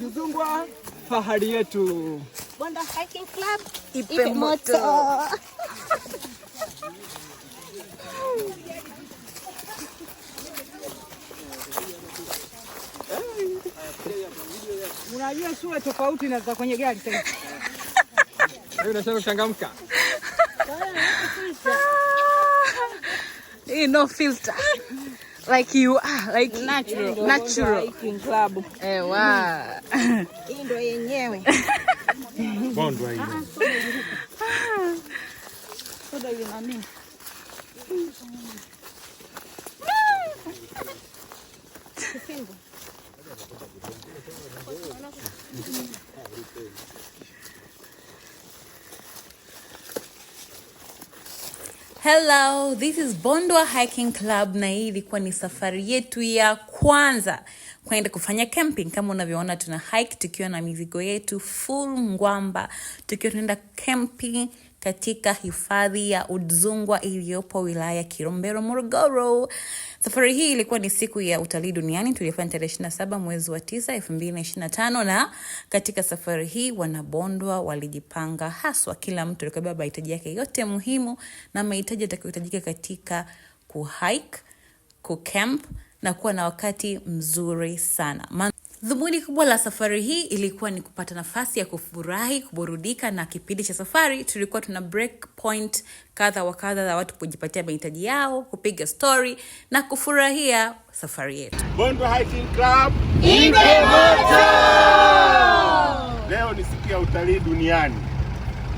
Zuzungwa fahari yetu. Bonda Hiking Club ipe moto. Unajua sura tofauti na za kwenye gari sasa. Leo unasema changamka. Hii no filter. like you are ah, like natural natural hiking club. Ewa eh, hii ndo yenyewe bondo hiyo. Hello, this is Bondwa Hiking Club na hii ilikuwa ni safari yetu ya kwanza kwenda kufanya camping. Kama unavyoona, tuna hike tukiwa na mizigo yetu full ngwamba, tukiwa tunaenda camping katika hifadhi ya Udzungwa iliyopo wilaya Kilombero, Morogoro. Safari hii ilikuwa ni siku ya utalii duniani tulifanya tarehe 27 mwezi wa 9 2025, na katika safari hii wanabondwa walijipanga haswa, kila mtu alikabeba mahitaji yake yote muhimu na mahitaji yatakayohitajika katika ku kucamp na kuwa na wakati mzuri sana. Dhumuni kubwa la safari hii ilikuwa ni kupata nafasi ya kufurahi, kuburudika na kipindi cha safari tulikuwa tuna break point kadha wa kadha za watu kujipatia mahitaji yao, kupiga stori na kufurahia safari yetu. Hiking Club Leo ni siku ya utalii duniani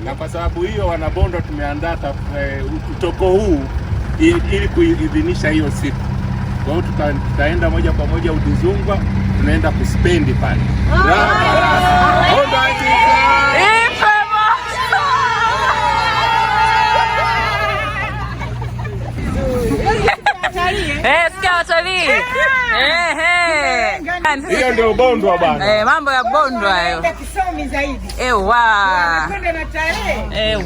na kwa sababu hiyo wana Bondwa tumeandaa eh, utoko huu ili kuidhinisha hiyo siku. Kwa hiyo tutaenda moja kwa moja Udzungwa, tunaenda kuspendi pale ah! eh, hiyo ndio bondwa Eh, mambo ya bondwa hayo. Kisomi zaidi. Wanakwenda na tarehe.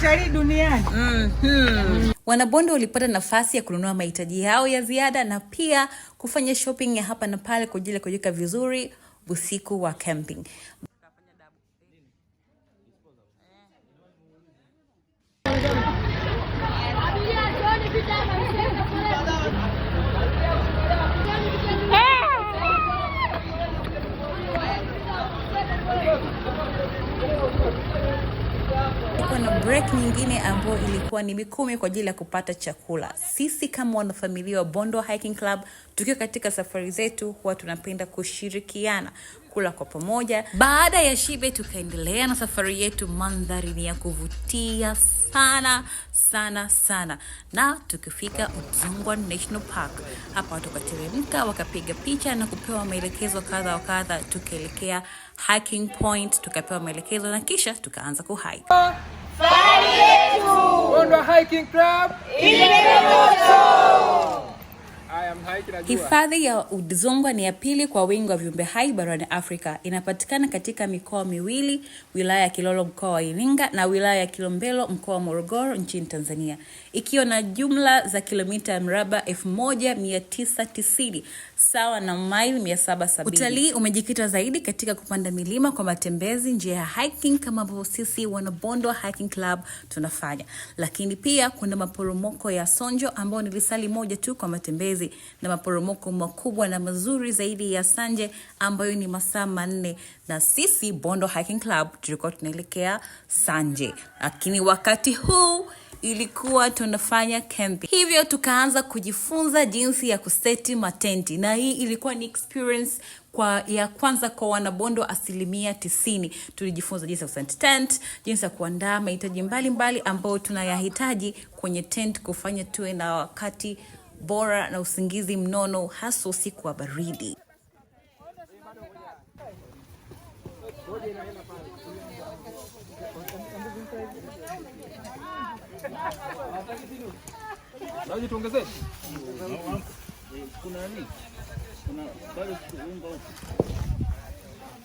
Utalii duniani. Mhm. Wanabonde walipata nafasi ya kununua mahitaji yao ya ziada na pia kufanya shopping ya hapa na pale kwa ajili ya kujiweka vizuri usiku wa camping. kulikuwa na break nyingine ambayo ilikuwa ni Mikumi kwa ajili ya kupata chakula. Sisi kama wanafamilia wa bondo Hiking Club tukiwa katika safari zetu huwa tunapenda kushirikiana kula kwa pamoja. Baada ya shibe, tukaendelea na safari yetu. Mandhari ni ya kuvutia sana sana sana, na tukifika Udzungwa National Park, hapa watu wakateremka wakapiga picha na kupewa maelekezo kadha wa kadha. Tukaelekea hiking point, tukapewa maelekezo na kisha tukaanza kuhike. Fahari yetu! Bondoa Hiking Club imetoka! Hifadhi ya Udzungwa ni ya pili kwa wingi wa viumbe hai barani Afrika. Inapatikana katika mikoa miwili, wilaya ya Kilolo mkoa wa Iringa na wilaya ya Kilombero mkoa wa Morogoro nchini Tanzania, ikiwa na jumla za kilomita ya mraba 1990 sawa na maili 770. Utalii umejikita zaidi katika kupanda milima kwa matembezi, njia ya hiking kama ambavyo sisi Wanabondwa Hiking Club tunafanya, lakini pia kuna maporomoko ya Sonjo ambayo ni lisali moja tu kwa matembezi na maporomoko makubwa na mazuri zaidi ya Sanje ambayo ni masaa manne, na sisi Bondo Hiking Club tulikuwa tunaelekea Sanje, lakini wakati huu ilikuwa tunafanya camping, hivyo tukaanza kujifunza jinsi ya kuseti matenti, na hii ilikuwa ni experience kwa ya kwanza kwa wanabondo asilimia tisini. Tulijifunza jinsi ya kuseti tent, jinsi ya kuandaa mahitaji mbalimbali ambayo tunayahitaji kwenye tent kufanya tuwe na wakati bora na usingizi mnono, hasa usiku wa baridi.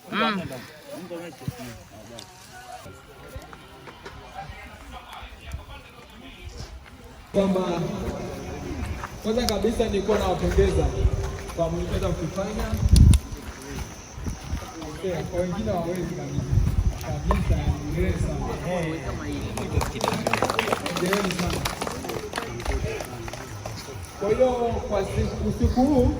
Mm. Kwamba kwanza kabisa nilikuwa nawapongeza kwa mlichoweza kufanya, kwa wengine wawezi kabisa kabisa. Kwa hiyo kwa usiku huu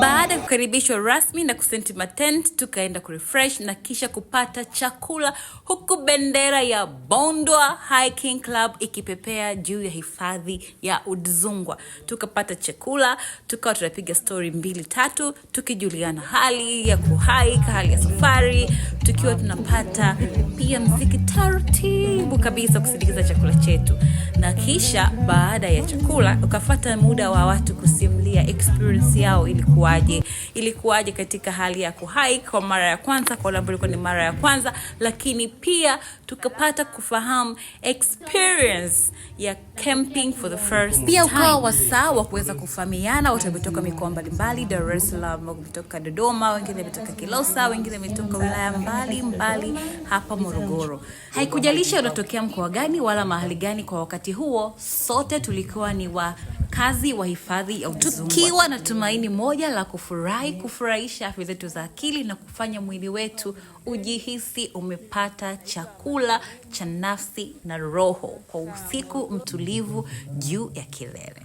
baada ya kukaribishwa rasmi na kusenti matent, tukaenda kurefresh na kisha kupata chakula, huku bendera ya Bondwa Hiking Club ikipepea juu ya hifadhi ya Udzungwa. Tukapata chakula, tukawa tunapiga stori mbili tatu, tukijuliana hali ya kuhike, hali ya safari, tukiwa tunapata pia mziki taratibu kabisa kusindikiza chakula chetu, na kisha baada ya chakula ukafata muda wa watu kusimulia experience yao ilikuwaje, ilikuwaje katika hali ya kuhike kwa mara ya kwanza, kwa ambao ilikuwa ni mara ya kwanza, lakini pia tukapata kufahamu experience ya camping for the first time. Pia ukawa wasaa wa kuweza kufahamiana, watu wametoka mikoa mbalimbali, Dar es Salaam, wametoka Dodoma, wengine wametoka Kilosa, wengine wametoka wilaya mbali mbali hapa Morogoro. Haikujalisha unatokea mkoa gani wala mahali gani, kwa wakati huo sote tulikuwa ni wa wakazi wa hifadhi ya Udzungwa, tukiwa na tumaini moja la kufurahi, kufurahisha afya zetu za akili na kufanya mwili wetu ujihisi umepata chakula cha nafsi na roho kwa usiku mtulivu juu ya kilele.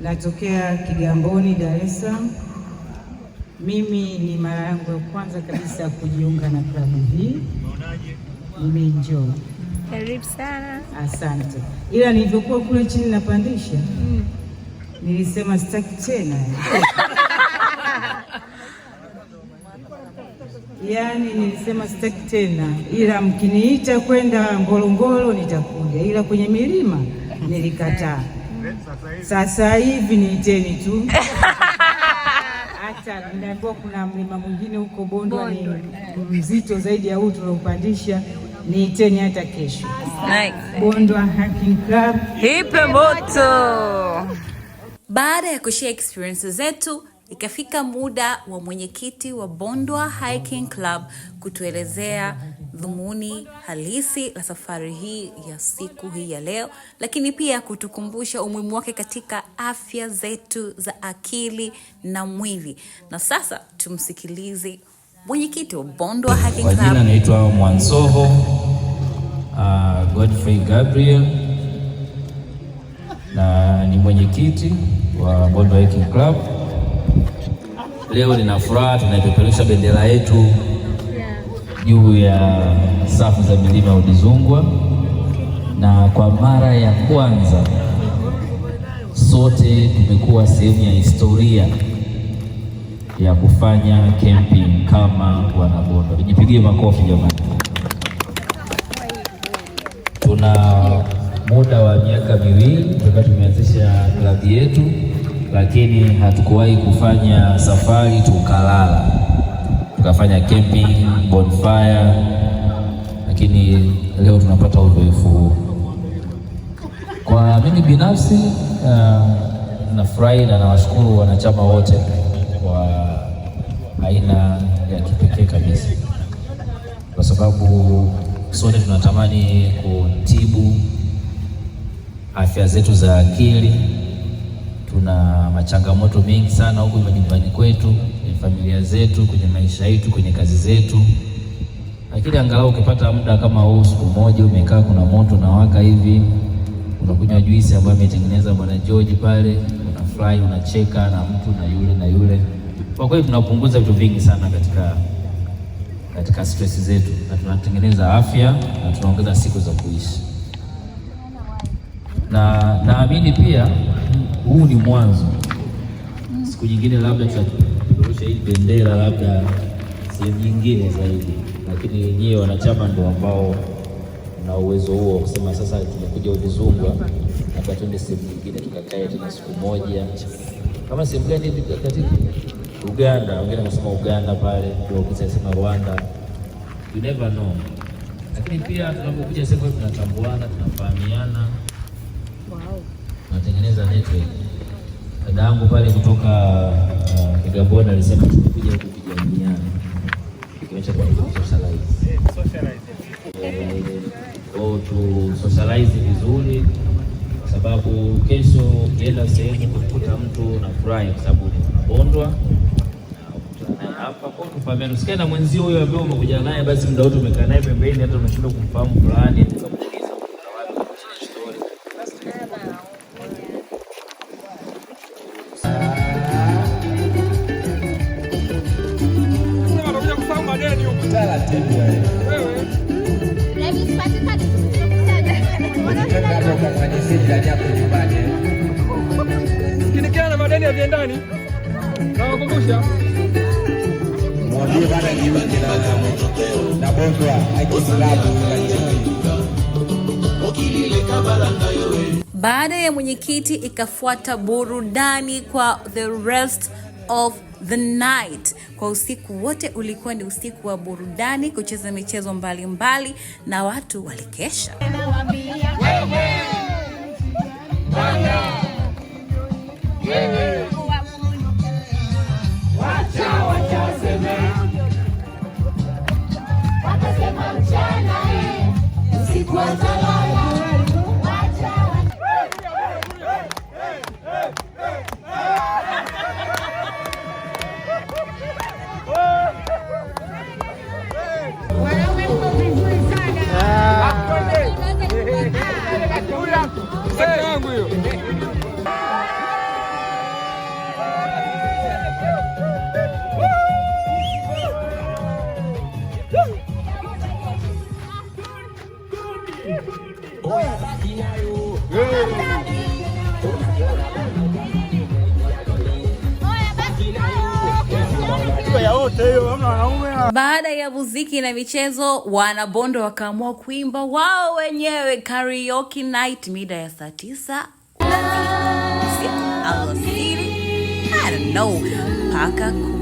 Natokea Kigamboni, Dar es Salaam. Mimi ni mara yangu ya kwanza kabisa kujiunga na klabu hii, nimeenjoy. Karibu sana. Asante, ila nilivyokuwa kule chini napandisha mm. Nilisema sitaki tena yaani, nilisema sitaki tena, ila mkiniita kwenda Ngorongoro nitakuja, ila kwenye milima nilikataa. Sasa hivi niiteni tu hata nimeambiwa kuna mlima mwingine huko Bondwa ni mzito zaidi ya huu tunaupandisha, niiteni hata kesho. Bondwa Hiking Club, ipe moto. Baada ya kushare experience zetu, ikafika muda wa mwenyekiti wa Bondwa Hiking Club kutuelezea dhumuni halisi la safari hii ya siku hii ya leo, lakini pia kutukumbusha umuhimu wake katika afya zetu za akili na mwili. Na sasa tumsikilize mwenyekiti wa Bondwa Hiking Club. Jina naitwa Mwansoho uh, Godfrey Gabriel na ni mwenyekiti wa Bondwa Hiking Club. Leo nina furaha tunaipeperusha bendera yetu juu ya safu za milima ya Udzungwa, na kwa mara ya kwanza sote tumekuwa sehemu ya historia ya kufanya camping kama wanabondo Nijipigie makofi jamani, tuna muda wa miaka miwili toka tumeanzisha klabu yetu, lakini hatukuwahi kufanya safari tukalala, tukafanya camping, bonfire, lakini leo tunapata uzoefu huo. Kwa mimi binafsi uh, nafurahi na nawashukuru wanachama wote kwa aina ya kipekee kabisa, kwa sababu sote tunatamani kutibu afya zetu za akili. Tuna machangamoto mengi sana huko majumbani kwetu, kwenye familia zetu, kwenye maisha yetu, kwenye kazi zetu, lakini angalau ukipata muda kama huu, siku moja umekaa, kuna moto na waka hivi, unakunywa juisi ambayo ametengeneza bwana George pale, unafurahi, unacheka na mtu na yule na yule. Kwa kweli tunapunguza vitu vingi sana katika katika stress zetu na tunatengeneza afya na tunaongeza siku za kuishi na naamini pia huu ni mwanzo. Siku nyingine labda tutapeperusha hii bendera labda sehemu nyingine zaidi, lakini wenyewe wanachama ndio ambao na uwezo huo kusema sasa tumekuja Udzungwa, labda tuende sehemu nyingine tukakae tena siku moja, kama sehemu gani katika Uganda, wengine wanasema Uganda pale, sema Rwanda, you never know. Lakini pia tunapokuja sehemu tunatambuana, tunafahamiana natengeneza network. Dada yangu pale kutoka uh, Kigamboni alisema tukuja huku kujamiana, ikionyesha kwa eh, oh, tu socialize vizuri, kwa sababu kesho ukienda sehemu kukuta mtu nafurahi, kwa sababu unabondwa hapa kwa kufahamiana. Usikana mwenzio huyo ambaye umekuja naye, basi muda wote umekaa naye pembeni, hata unashindwa kumfahamu fulani mwambie bana na na Baada ya mwenyekiti ikafuata burudani kwa the rest of the night. Kwa usiku wote ulikuwa ni usiku wa burudani, kucheza michezo mbalimbali mbali, na watu walikesha. Cuenta Baada ya muziki na michezo, wanabondo wakaamua kuimba wao wenyewe karaoke night mida ya saa tisa paka mpaka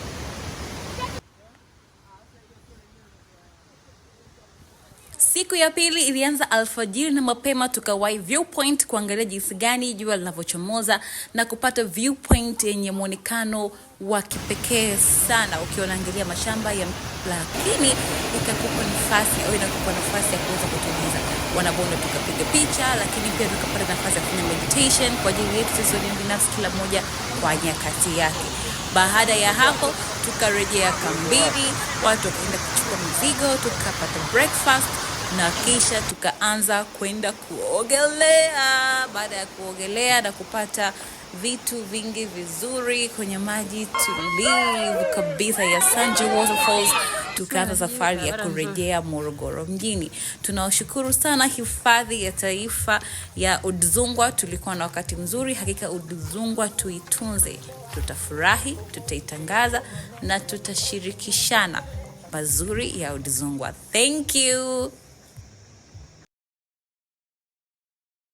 Siku ya pili ilianza alfajiri na mapema, tukawahi viewpoint kuangalia jinsi gani jua linavyochomoza na kupata viewpoint yenye mwonekano wa kipekee sana, ukiwa unaangalia mashamba ya, lakini ikakupa nafasi au inakupa nafasi ya kuweza kutuliza wanabondo, tukapiga picha, lakini pia tukapata nafasi ya kufanya meditation kwa ajili yetu sisi wenyewe binafsi, kila mmoja kwa nyakati yake. Baada ya hapo tukarejea kambini, watu wakaenda kuchukua mizigo, tukapata breakfast na kisha tukaanza kwenda kuogelea. Baada ya kuogelea na kupata vitu vingi vizuri kwenye maji tulivu kabisa ya Sanje Waterfalls, tukaanza safari ya kurejea Morogoro mjini. Tunawashukuru sana Hifadhi ya Taifa ya Udzungwa. Tulikuwa na wakati mzuri hakika. Udzungwa tuitunze, tutafurahi, tutaitangaza na tutashirikishana mazuri ya Udzungwa. Thank you.